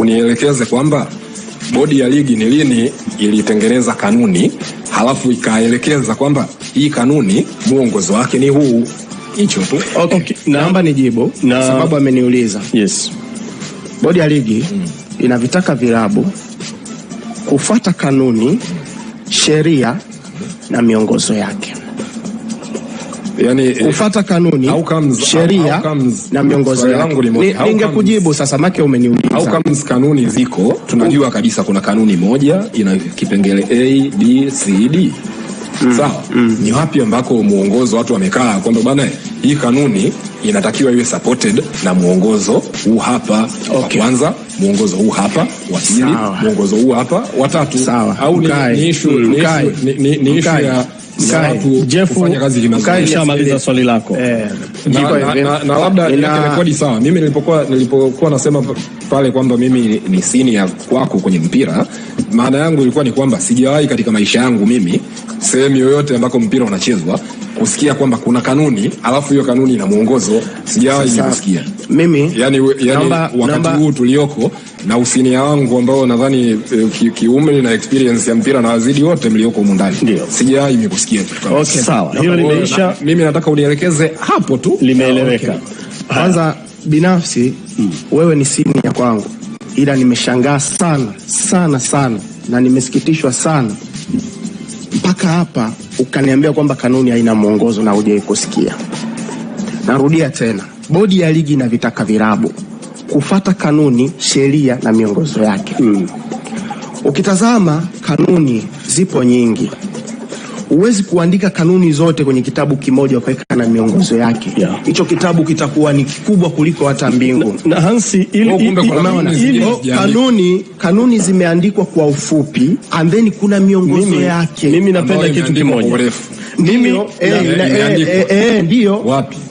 unielekeze kwamba bodi ya ligi ni lini ilitengeneza kanuni halafu ikaelekeza kwamba hii kanuni mwongozo wake ni huu. Hicho tu. Okay. Okay. Naomba nijibu na... sababu ameniuliza. Yes. Bodi ya ligi mm. inavitaka vilabu kufuata kanuni, sheria na miongozo yake yani, eh, kufata kanuni, sheria na miongozo yake. Ningekujibu sasa make umeniuliza. How comes kanuni ziko, tunajua kabisa kuna kanuni moja ina kipengele A, B, C, D. Mm, sawa mm. Ni wapi ambako muongozo watu wamekaa kwamba bana hii kanuni inatakiwa iwe supported na muongozo huu hapa okay. Wa kwanza muongozo huu hapa, wa pili muongozo huu hapa, wa tatu. Sawa. Au ni issue ya Shamaliza swali lako eh, na labda rekodi sawa. Mimi nilipokuwa nilipokuwa nasema pale kwamba mimi ni senior kwako kwenye mpira, maana yangu ilikuwa ni kwamba sijawahi katika maisha yangu mimi sehemu yoyote ambako mpira unachezwa kusikia kwamba kuna kanuni alafu hiyo kanuni ina mwongozo, sijawahi kusikia mimi yani, yani wakati huu tulioko na usinia wangu ambao nadhani e, kiumri ki na experience ya mpira na wazidi wote mlioko humu ndani, sijai sijawahi nimekusikia kitu kama okay. Sawa, hiyo limeisha. Na, mimi nataka unielekeze hapo tu, limeeleweka kwanza. Okay. Binafsi hmm, wewe ni senior kwangu, ila nimeshangaa sana sana sana na nimesikitishwa sana mpaka hapa ukaniambia kwamba kanuni haina mwongozo na hujai kusikia. Narudia tena Bodi ya ligi inavitaka virabu kufata kanuni, sheria na miongozo yake mm. Ukitazama kanuni zipo nyingi, huwezi kuandika kanuni zote kwenye kitabu kimoja ukaweka na miongozo yake yeah. Hicho kitabu kitakuwa ni kikubwa kuliko hata mbingu na, na Hansi, ili, oh, ili, ili, ili, ili, kanuni, kanuni zimeandikwa kwa ufupi and then kuna miongozo mimi, yake mimi napenda kitu kimoja mimi ndio eh, eh,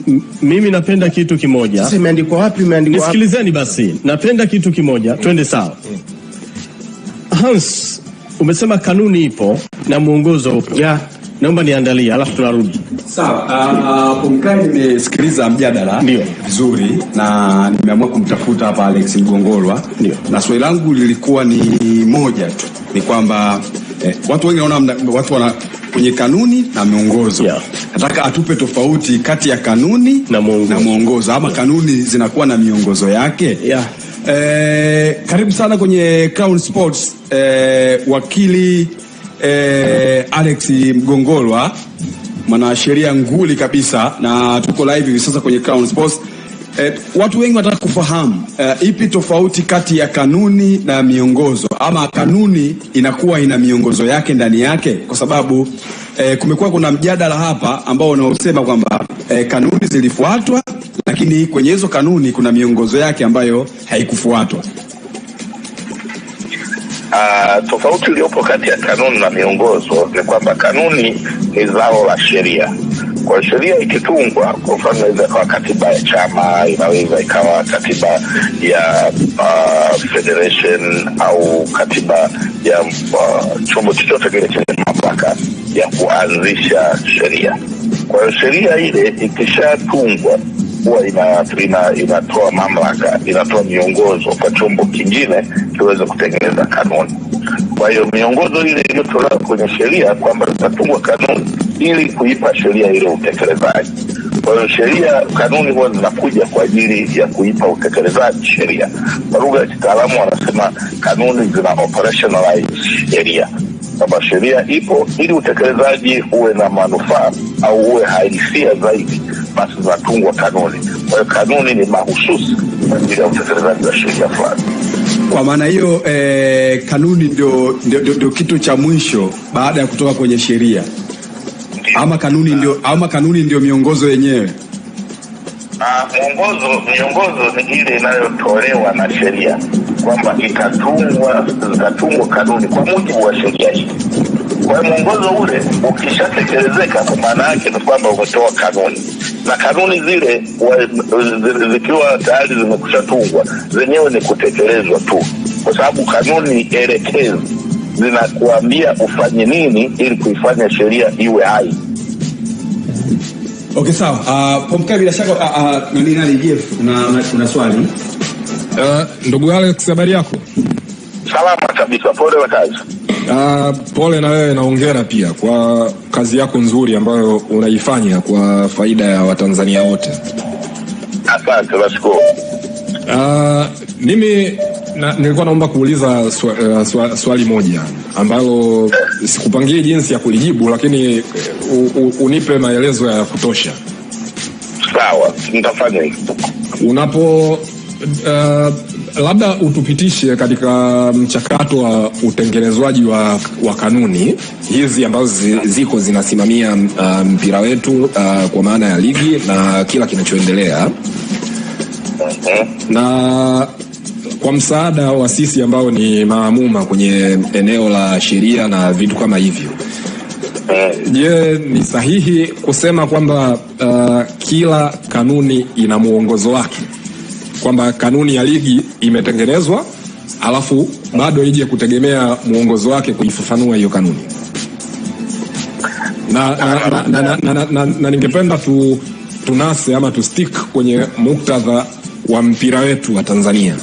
eh, mimi napenda kitu kimoja. Sasa imeandikwa wapi? Imeandikwa wapi? Nisikilizeni basi, napenda kitu kimoja, twende sawa. Hans, umesema kanuni ipo na mwongozo upo. Yeah. Naomba niandalie alafu tunarudi. Sawa. Ah, Kumkani nimesikiliza mjadala vizuri na nimeamua kumtafuta hapa Alex Mgongolwa. Ndio. Na swali langu lilikuwa ni moja tu, ni kwamba eh, watu wengi naona watu wana kwenye kanuni na miongozo yeah. Nataka atupe tofauti kati ya kanuni na mwongozo ama yeah. Kanuni zinakuwa na miongozo yake yeah. Eh, karibu sana kwenye Crown Sports eh, wakili eh, Alex Mgongolwa mwanasheria nguli kabisa, na tuko live hivi sasa kwenye Crown Sports. Eh, watu wengi wanataka kufahamu eh, ipi tofauti kati ya kanuni na miongozo, ama kanuni inakuwa ina miongozo yake ndani yake, kwa sababu eh, kumekuwa kuna mjadala hapa ambao unaosema kwamba eh, kanuni zilifuatwa, lakini kwenye hizo kanuni kuna miongozo yake ambayo haikufuatwa. Uh, tofauti iliyopo kati ya kanuni na miongozo ni kwamba kanuni ni zao la sheria kwa sheria ikitungwa, kwa mfano inaweza ikawa katiba ya chama, inaweza ikawa katiba ya uh, federation au katiba ya uh, chombo chochote kile chenye mamlaka ya kuanzisha sheria. Kwa hiyo sheria ile ikishatungwa huwa inatoa ina, inatoa mamlaka inatoa miongozo kwa chombo kingine kiweze kutengeneza kanuni. Kwa hiyo miongozo ile iliyotolewa kwenye sheria kwamba zinatungwa kanuni ili kuipa sheria ile utekelezaji. Kwa hiyo sheria, kanuni huwa zinakuja kwa ajili ya kuipa utekelezaji sheria. Kwa lugha ya kitaalamu wanasema kanuni zina operationalize sheria, kwamba sheria ipo ili utekelezaji uwe na manufaa au uwe halisia zaidi, basi zinatungwa kanuni. Kwa hiyo kanuni ni mahususi kwa ajili ya utekelezaji wa sheria fulani. Kwa maana hiyo eh, kanuni ndio kitu cha mwisho baada ya kutoka kwenye sheria ama kanuni ndio, ama kanuni ndio miongozo yenyewe? Mwongozo, miongozo ni ile inayotolewa na sheria kwamba itatungwa, zitatungwa kanuni kwa mujibu wa sheria hii. Kwa hiyo mwongozo ule ukishatekelezeka, kwa maana yake ni kwamba umetoa kanuni, na kanuni zile zikiwa tayari zimekushatungwa, zenyewe ni kutekelezwa tu, kwa sababu kanuni elekezi zinakuambia ufanye nini ili kuifanya sheria iwe hai. Okay, sawa. Uh, ah, Pomka bila shaka uh, uh, nani Jeff, una, una, swali? Uh, ndugu Alex, habari yako? Salama kabisa. Pole na kazi. Uh, pole na wewe na hongera pia kwa kazi yako nzuri ambayo unaifanya kwa faida ya Watanzania wote. Asante, nashukuru. Uh, mimi na, nilikuwa naomba kuuliza swa, uh, swa, swali moja ambalo sikupangia jinsi ya kulijibu, lakini eh, unipe maelezo ya kutosha. Sawa, nitafanya hivyo. Unapo uh, labda utupitishe katika mchakato wa utengenezwaji wa, wa kanuni hizi ambazo ziko zinasimamia uh, mpira wetu uh, kwa maana ya ligi na kila kinachoendelea mhm. na kwa msaada wa sisi ambao ni maamuma kwenye eneo la sheria na vitu kama hivyo Je, yeah, ni sahihi kusema kwamba uh, kila kanuni ina mwongozo wake, kwamba kanuni ya ligi imetengenezwa alafu bado ije kutegemea mwongozo wake kuifafanua hiyo kanuni na, na, na, na, na, na, na, na, na ningependa tu, tunase ama tustik kwenye muktadha wa mpira wetu wa Tanzania,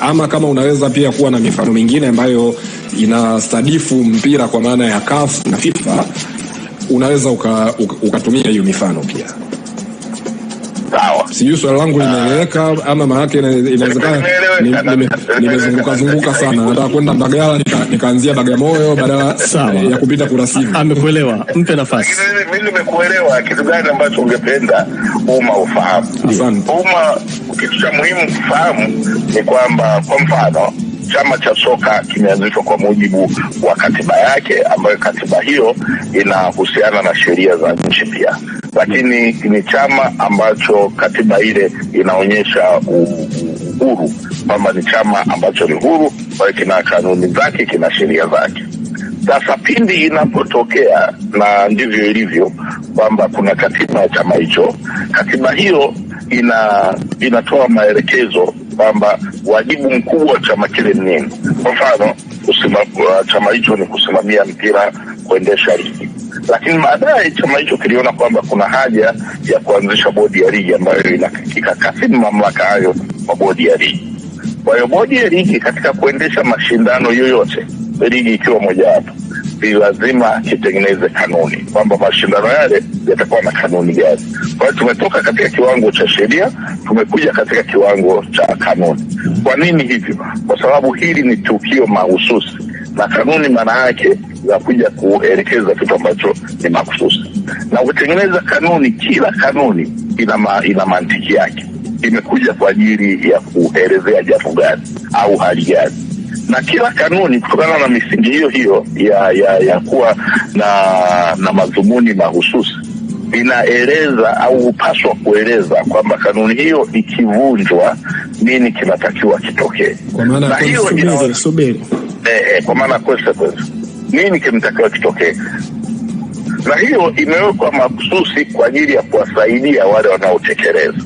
ama kama unaweza pia kuwa na mifano mingine ambayo inastadifu mpira kwa maana ya CAF na FIFA, unaweza ukatumia uka hiyo mifano pia. Sawa, sijui swali ah. langu limeeleweka ama, maanake inawezekana nimezunguka zunguka sana, nataka kwenda Mbagala nikaanzia Bagamoyo badala ya kupita Kurasini. Amekuelewa, mpe nafasi. Mimi nimekuelewa. Kitu gani ambacho ungependa umma ufahamu? Asante. Umma, kitu cha muhimu kufahamu ni kwamba, kwa mfano chama cha soka kimeanzishwa kwa mujibu wa katiba yake, ambayo katiba hiyo inahusiana na sheria za nchi pia, lakini ni chama ambacho katiba ile inaonyesha uhuru kwamba ni chama ambacho ni huru, ambayo kina kanuni zake, kina sheria zake. Sasa pindi inapotokea, na ndivyo ilivyo, kwamba kuna katiba ya chama hicho, katiba hiyo ina inatoa maelekezo kwamba wajibu mkuu wa chama kile ni nini. Kwa mfano, uh, chama hicho ni kusimamia mpira, kuendesha ligi lakini baadaye chama hicho kiliona kwamba kuna haja ya kuanzisha bodi ya ligi ambayo ikakasimu mamlaka hayo kwa bodi ya ligi. Kwa hiyo bodi ya ligi katika kuendesha mashindano yoyote, ligi ikiwa mojawapo ni lazima kitengeneze kanuni kwamba mashindano yale yatakuwa na kanuni gani. Kwa hiyo tumetoka katika kiwango cha sheria, tumekuja katika kiwango cha kanuni. Kwa nini hivyo? Kwa sababu hili ni tukio mahususi na kanuni maana yake kuja kuelekeza kitu ambacho ni mahususi, na ukitengeneza kanuni, kila kanuni ina, ma, ina mantiki yake, imekuja kwa ajili ya kuelezea jambo gani au hali gani na kila kanuni kutokana na misingi hiyo hiyo ya, ya, ya kuwa na, na madhumuni mahususi inaeleza au hupaswa kueleza kwamba kanuni hiyo ikivunjwa nini kinatakiwa kitokee, na hiyo eh, eh, kwa maana consequence nini kinatakiwa kitokee na hiyo imewekwa mahususi kwa ajili ya kuwasaidia wale wanaotekeleza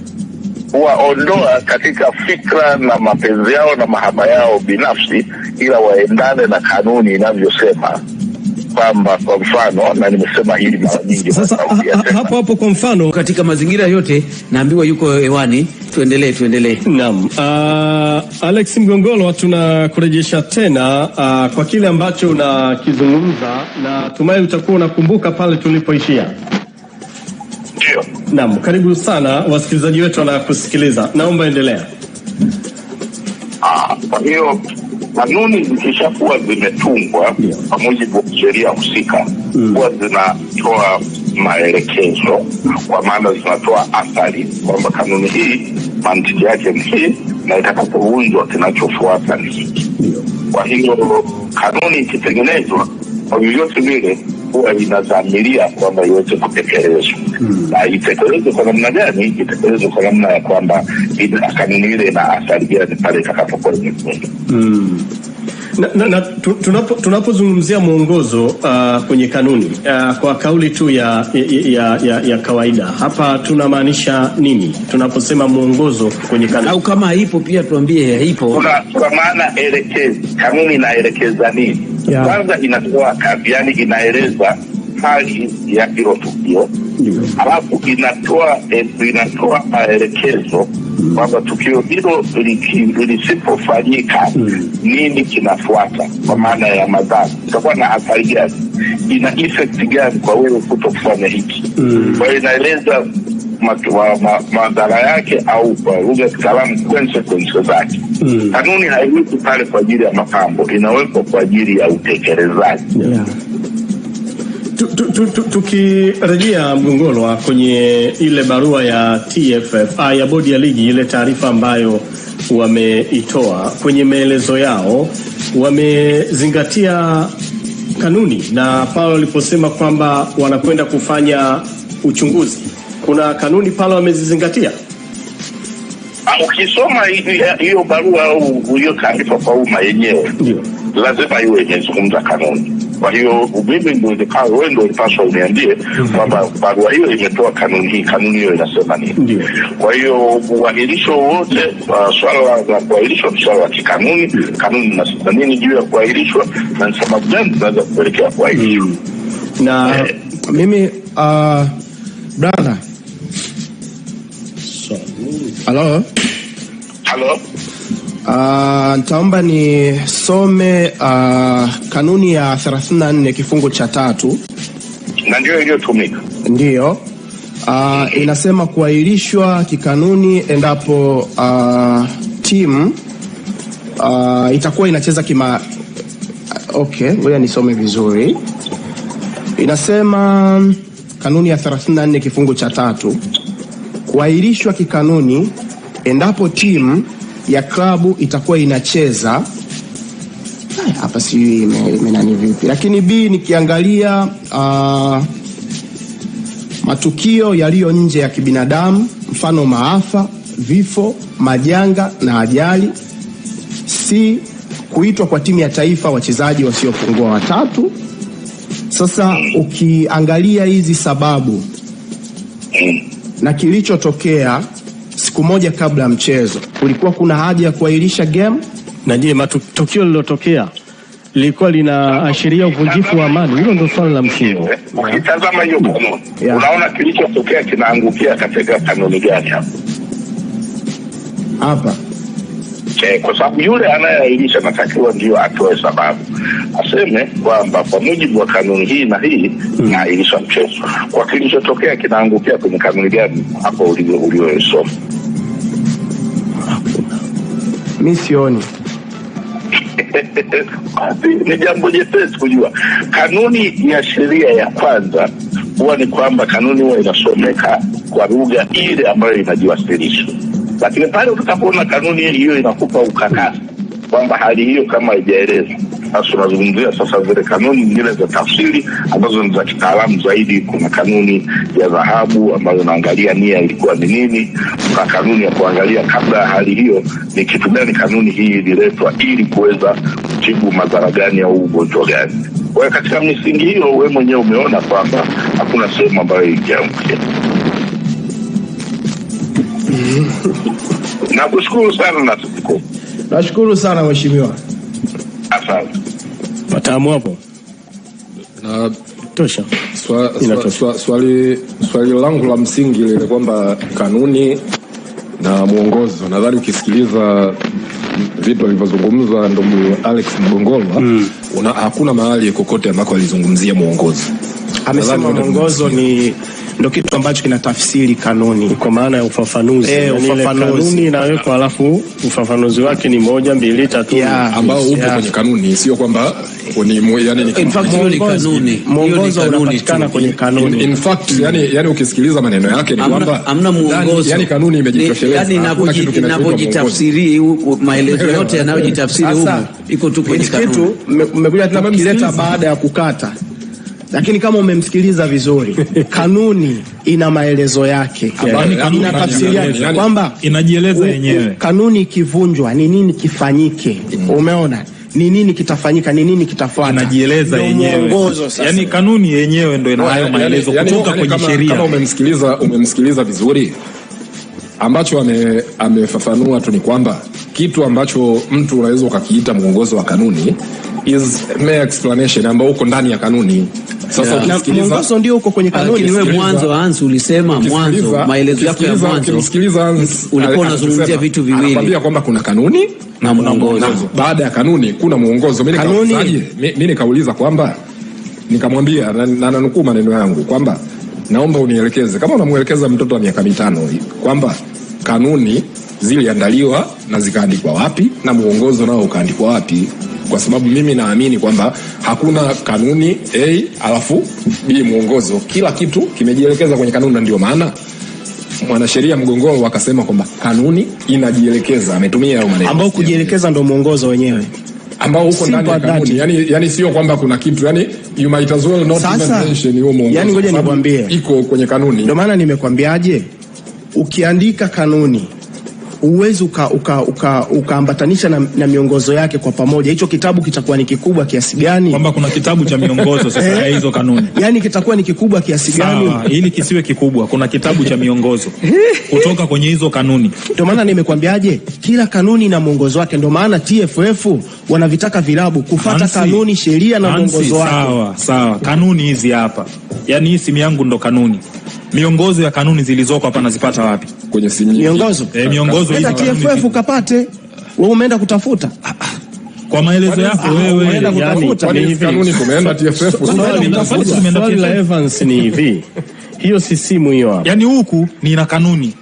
kuwaondoa katika fikra na mapenzi yao na mahaba yao binafsi, ila waendane na kanuni inavyosema kwamba kwa mfano, na nimesema hili mara nyingi sasa. Hapo hapo, kwa mfano, katika mazingira yote, naambiwa yuko hewani. Tuendelee, tuendelee. Naam, uh, Alex Mgongolwa, tunakurejesha tena uh, kwa kile ambacho unakizungumza, na tumai utakuwa unakumbuka pale tulipoishia, ndio Naam, karibu sana wasikilizaji wetu wanakusikiliza, naomba endelea. Ah, kwa hiyo kanuni zikishakuwa zimetungwa kwa mujibu wa sheria husika mm, zinatoa maelekezo, kwa maana zinatoa athari kwamba kanuni hii mantiki yake ni hii na itakapovunjwa kinachofuata ni hiki. Kwa hiyo kanuni ikitengenezwa kwa vyovyote vile huwa inadhamiria kwamba iweze kutekelezwa hmm. na hmm. Itekelezwe kwa namna gani? Itekelezwe kwa namna ya kwamba kanuni ile na athari gani pale itakapokuwa imekwenda hmm. Na, na, na tunapozungumzia tunapo mwongozo uh, kwenye kanuni uh, kwa kauli tu ya, ya, ya, ya kawaida hapa tunamaanisha nini tunaposema mwongozo kwenye kanuni? Au kama haipo pia tuambie haipo, kwa maana elekezi, kanuni inaelekeza nini? Kwanza inatoa kazi, yani inaeleza hali ya hilo tukio, alafu inatoa eh, inatoa maelekezo mm. kwamba tukio hilo lisipofanyika mm. nini kinafuata, kwa maana ya madhara, itakuwa na athari gani, ina effect gani kwa wewe kuto kufanya hiki. Mm. Kwa hiyo inaeleza madhara yake au kwa lugha ya kitaalamu consequence zake. Hmm. Kanuni haiwekwi pale kwa ajili ya mapambo, inawekwa kwa ajili ya utekelezaji yeah. Tukirejea Mgongolwa, kwenye ile barua ya TFF ah, ya bodi ya ligi, ile taarifa ambayo wameitoa kwenye maelezo yao, wamezingatia kanuni na pale waliposema kwamba wanakwenda kufanya uchunguzi kuna kanuni pale wamezizingatia? Ukisoma hiyo barua au hiyo taarifa kwa umma yenyewe, lazima iwe imezungumza kanuni. Kwa hiyo mimi wewe ndio ulipaswa uniambie mm-hmm. kwamba barua hiyo imetoa kanuni hii, kanuni hiyo inasema nini? Kwa hiyo uahirisho wote, swala la kuahirishwa ni swala la kikanuni. Kanuni inasema nini juu ya kuahirishwa na ni sababu gani zinaweza kupelekea kuahirishwa? Na eh. mimi ah, brother Halo. Halo. Uh, ah, nitaomba nisome uh, kanuni ya 34 kifungu cha tatu na ndio iliyotumika ndiyo. Uh, ah, mhm. inasema kuahirishwa kikanuni endapo uh, timu uh, itakuwa inacheza kima okay, ngoja nisome vizuri. Inasema kanuni ya 34 kifungu cha tatu kuahirishwa kikanuni endapo timu ya klabu itakuwa inacheza hapa, sijui imenani vipi, lakini B nikiangalia uh, matukio yaliyo nje ya kibinadamu, mfano maafa, vifo, majanga na ajali. C kuitwa kwa timu ya taifa wachezaji wasiopungua watatu. Sasa ukiangalia hizi sababu na kilichotokea siku moja kabla ya mchezo, kulikuwa kuna haja ya kuahirisha game? Na je, matukio lilotokea lilikuwa linaashiria uvunjifu wa amani? Hilo ndio swali la msingi. Ukitazama hiyo kanuni, unaona kilichotokea kinaangukia katika kanuni gani hapa hapa eh, kwa sababu yule anayeainisha anatakiwa ndio atoe sababu, aseme kwamba kwa mujibu wa kanuni hii na hii mm. naainisha mchezo kwa kilichotokea kinaangukia kwenye kanuni gani hapo ulioisoma. Mi sioni ni jambo jepesi kujua. Kanuni ya sheria ya kwanza huwa ni kwamba kanuni huwa inasomeka kwa lugha ile ambayo inajiwasilisha lakini pale utakapoona kanuni hiyo inakupa ukakasi kwamba hali hiyo kama haijaeleza basi unazungumzia sasa zile kanuni zingine za tafsiri ambazo ni za kitaalamu zaidi. Kuna kanuni ya dhahabu ambayo unaangalia nia ilikuwa ni nini. Kuna kanuni ya kuangalia kabla ya hali hiyo ni kitu gani kanuni hii ililetwa ili kuweza kutibu madhara gani au ugonjwa gani. Kwa hiyo katika misingi hiyo, wewe mwenyewe umeona kwamba hakuna sehemu ambayo ingeangukia. Nakushukuru sana na tuko. Nashukuru sana mheshimiwa. Asante. Watamu hapo. Na tosha. Swali swali langu la msingi lile kwamba kanuni na mwongozo, nadhani ukisikiliza vitu alivyozungumza ndugu Alex Mgongolwa mm. Hakuna mahali kokote ambako alizungumzia mwongozo amesema mwongozo ni ndo kitu ambacho kinatafsiri kanuni kwa maana ya ufafanuzi. E, ufafanuzi kanuni inawekwa, alafu ufafanuzi wake ni moja mbili tatu, yeah, ambao upo yeah, kwenye kanuni, sio kwamba yani, ni kanuni, mwongozo unapatikana kwenye kanuni. In fact, yani, yani ukisikiliza maneno yake ni kwamba hamna mwongozo, yani kanuni imejitosheleza, yani inapojitafsiri maelezo yote yanayojitafsiri huko iko tu kwenye kanuni. Kitu mmekuja tena kukileta baada ya kukata lakini kama umemsikiliza vizuri, kanuni ina maelezo yake, yaani kwamba inajieleza yenyewe. Kanuni ikivunjwa ni nini kifanyike? mm. Umeona ni nini kitafanyika, ni nini kitafuata, anajieleza yenyewe. Yani kanuni yenyewe ndio ina yaani- hayo yaani- maelezo kutoka kwenye sheria. Kama umemsikiliza, umemsikiliza vizuri, ambacho ame, amefafanua tu ni kwamba kitu ambacho mtu unaweza ukakiita mwongozo wa kanuni is mere explanation ambao uko ndani ya kanuni sasa mwongozo ndio uko kwenye kanuni. Lakini wewe mwanzo Hans ulisema mwanzo, maelezo yako ya mwanzo, msikiliza Hans, ulikuwa unazungumzia vitu viwili, anakuambia kwamba kuna kanuni na mwongozo. Baada ya kanuni kuna mwongozo. Mimi nikauliza kwamba nikamwambia na nanukuu maneno yangu kwamba naomba unielekeze kama unamwelekeza mtoto wa miaka mitano kwamba kanuni ziliandaliwa na zikaandikwa wapi na mwongozo nao ukaandikwa wapi kwa sababu mimi naamini kwamba hakuna kanuni A alafu B mwongozo. Kila kitu kimejielekeza kwenye kanuni, na ndio maana mwanasheria mgongoro akasema kwamba kanuni inajielekeza, ametumia hayo maneno, ambao kujielekeza ndio mwongozo wenyewe ambao huko ndani ya kanuni. Yani, yani sio kwamba kuna kitu yani, you might as well not even mention huo mwongozo. Yani ngoja nikwambie, iko kwenye kanuni. Ndio maana nimekwambiaje, ukiandika kanuni huwezi ukaambatanisha uka, uka, uka na, na miongozo yake kwa pamoja. Hicho kitabu kitakuwa ni kikubwa kiasi gani? Kwamba kuna kitabu cha miongozo sasa eh? hizo kanuni, yani kitakuwa ni kikubwa kiasi gani? Ili kisiwe kikubwa, kuna kitabu cha miongozo kutoka kwenye hizo kanuni. Ndio maana nimekwambiaje, kila kanuni na mwongozo wake. Ndio maana TFF wanavitaka vilabu kufuata kanuni, sheria na mwongozo wake. Sawa sawa, kanuni hizi hapa, yani hii simu yangu ndo kanuni miongozo ya kanuni zilizoko hapa nazipata wapi? Kwenye simu. Miongozo. Eh, miongozo hizi TFF ukapate wewe umeenda kutafuta. Kwa maelezo yako wewe umeenda kutafuta. hivi. Kanuni TFF. Swali la Evans ni hivi. Hiyo si simu hiyo hapa. Yaani huku ni na kanuni.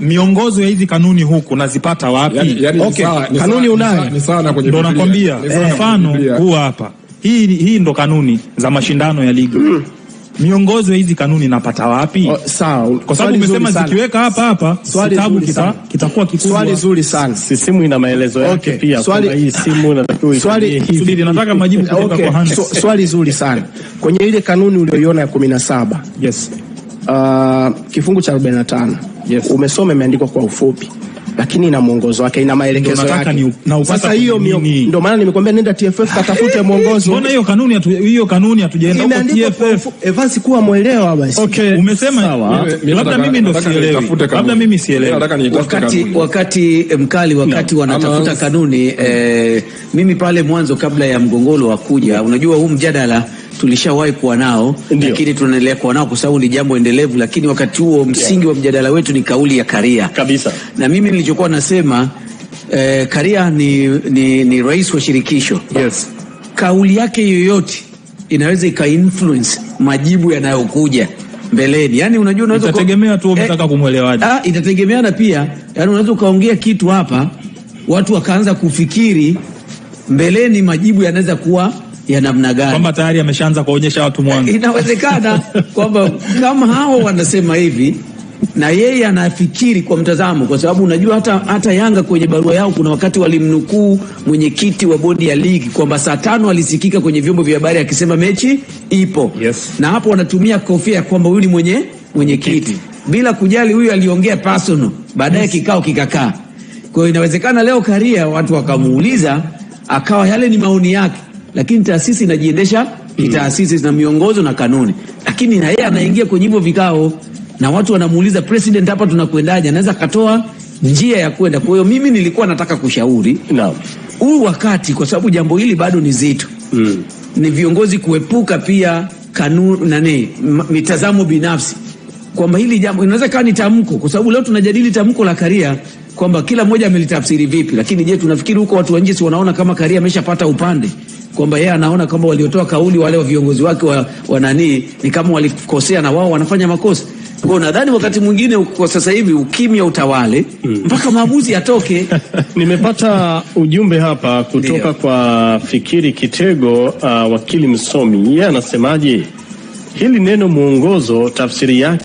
Miongozo ya hizi kanuni huku nazipata wapi? Yani, yani, okay. Kanuni unayo. Ni Ndio nakwambia mfano huu hapa. Hii hii ndo kanuni za mashindano ya ligi. Mm miongozo ya hizi kanuni napata wapi? O, oh, sawa, kwa sababu umesema zikiweka hapa hapa kitabu kitakuwa kikubwa. Swali zuri sana, si simu ina maelezo yake Okay, pia. Swali hii nataka majibu kutoka okay, kwa Hans. Swali zuri sana kwenye ile kanuni uliyoiona ya 17 yes, uh, kifungu cha 45 yes, umesoma imeandikwa kwa ufupi lakini ina mwongozo wake, ina maelekezo yake. Sasa hiyo ndio maana nimekuambia nenda TFF katafute mwongozo. Mbona hiyo kanuni hiyo kanuni hatujaenda huko TFF. Evans kuwa mwelewa basi. Okay, umesema labda mimi ndo sielewi. Labda mimi sielewi. Wakati wakati eh, mkali wakati wanatafuta kanuni eh, mimi pale mwanzo kabla ya mgongolo wa kuja, unajua huu mjadala tulishawahi kuwa nao, lakini tunaendelea kuwa nao kwa sababu ni jambo endelevu. Lakini wakati huo msingi yeah, wa mjadala wetu ni kauli ya Karia kabisa, na mimi nilichokuwa nasema eh, Karia ni, ni, ni rais wa shirikisho yes. Kauli yake yoyote inaweza ikainfluence majibu yanayokuja mbeleni. Yani unajua unaweza kutegemea tu eh, unataka kumwelewaje. Ah, itategemeana pia. Yani unaweza ukaongea kitu hapa watu wakaanza kufikiri mbeleni, majibu yanaweza kuwa ya namna gani, kwamba tayari ameshaanza kuonyesha watu mwanzo. Inawezekana kwamba kama hao wanasema hivi na yeye anafikiri kwa mtazamo, kwa sababu unajua hata, hata Yanga kwenye barua yao kuna wakati walimnukuu mwenyekiti wa bodi ya ligi kwamba saa tano alisikika kwenye vyombo vya habari akisema mechi ipo yes. Na hapo wanatumia kofia kwamba huyu ni mwenye mwenyekiti bila kujali huyu aliongea personal, baadaye yes. Kikao kikakaa. Kwa hiyo inawezekana leo Karia watu wakamuuliza akawa yale ni maoni yake lakini taasisi inajiendesha kitaasisi na miongozo na kanuni, lakini na yeye anaingia kwenye hivyo vikao na watu wanamuuliza president, hapa tunakwendaje? Anaweza katoa njia ya kwenda. Kwa hiyo mimi nilikuwa nataka kushauri huu no. wakati, kwa sababu jambo hili bado ni zito mm. ni viongozi kuepuka pia kanuni nane mitazamo binafsi kwamba hili jambo inaweza kawa ni tamko, kwa sababu leo tunajadili tamko la Karia kwamba kila mmoja amelitafsiri vipi, lakini je, tunafikiri huko watu wa nje si wanaona kama Karia ameshapata upande? kwamba yeye anaona kwamba waliotoa kauli wale wa viongozi wake wa, wa nani ni kama walikosea na wao wanafanya makosa. Kwa nadhani wakati mwingine kwa sasa hivi ukimya utawale hmm. mpaka maamuzi yatoke. Nimepata ujumbe hapa kutoka Dio, kwa Fikiri Kitego, uh, wakili msomi. Yeye anasemaje hili neno mwongozo, tafsiri yake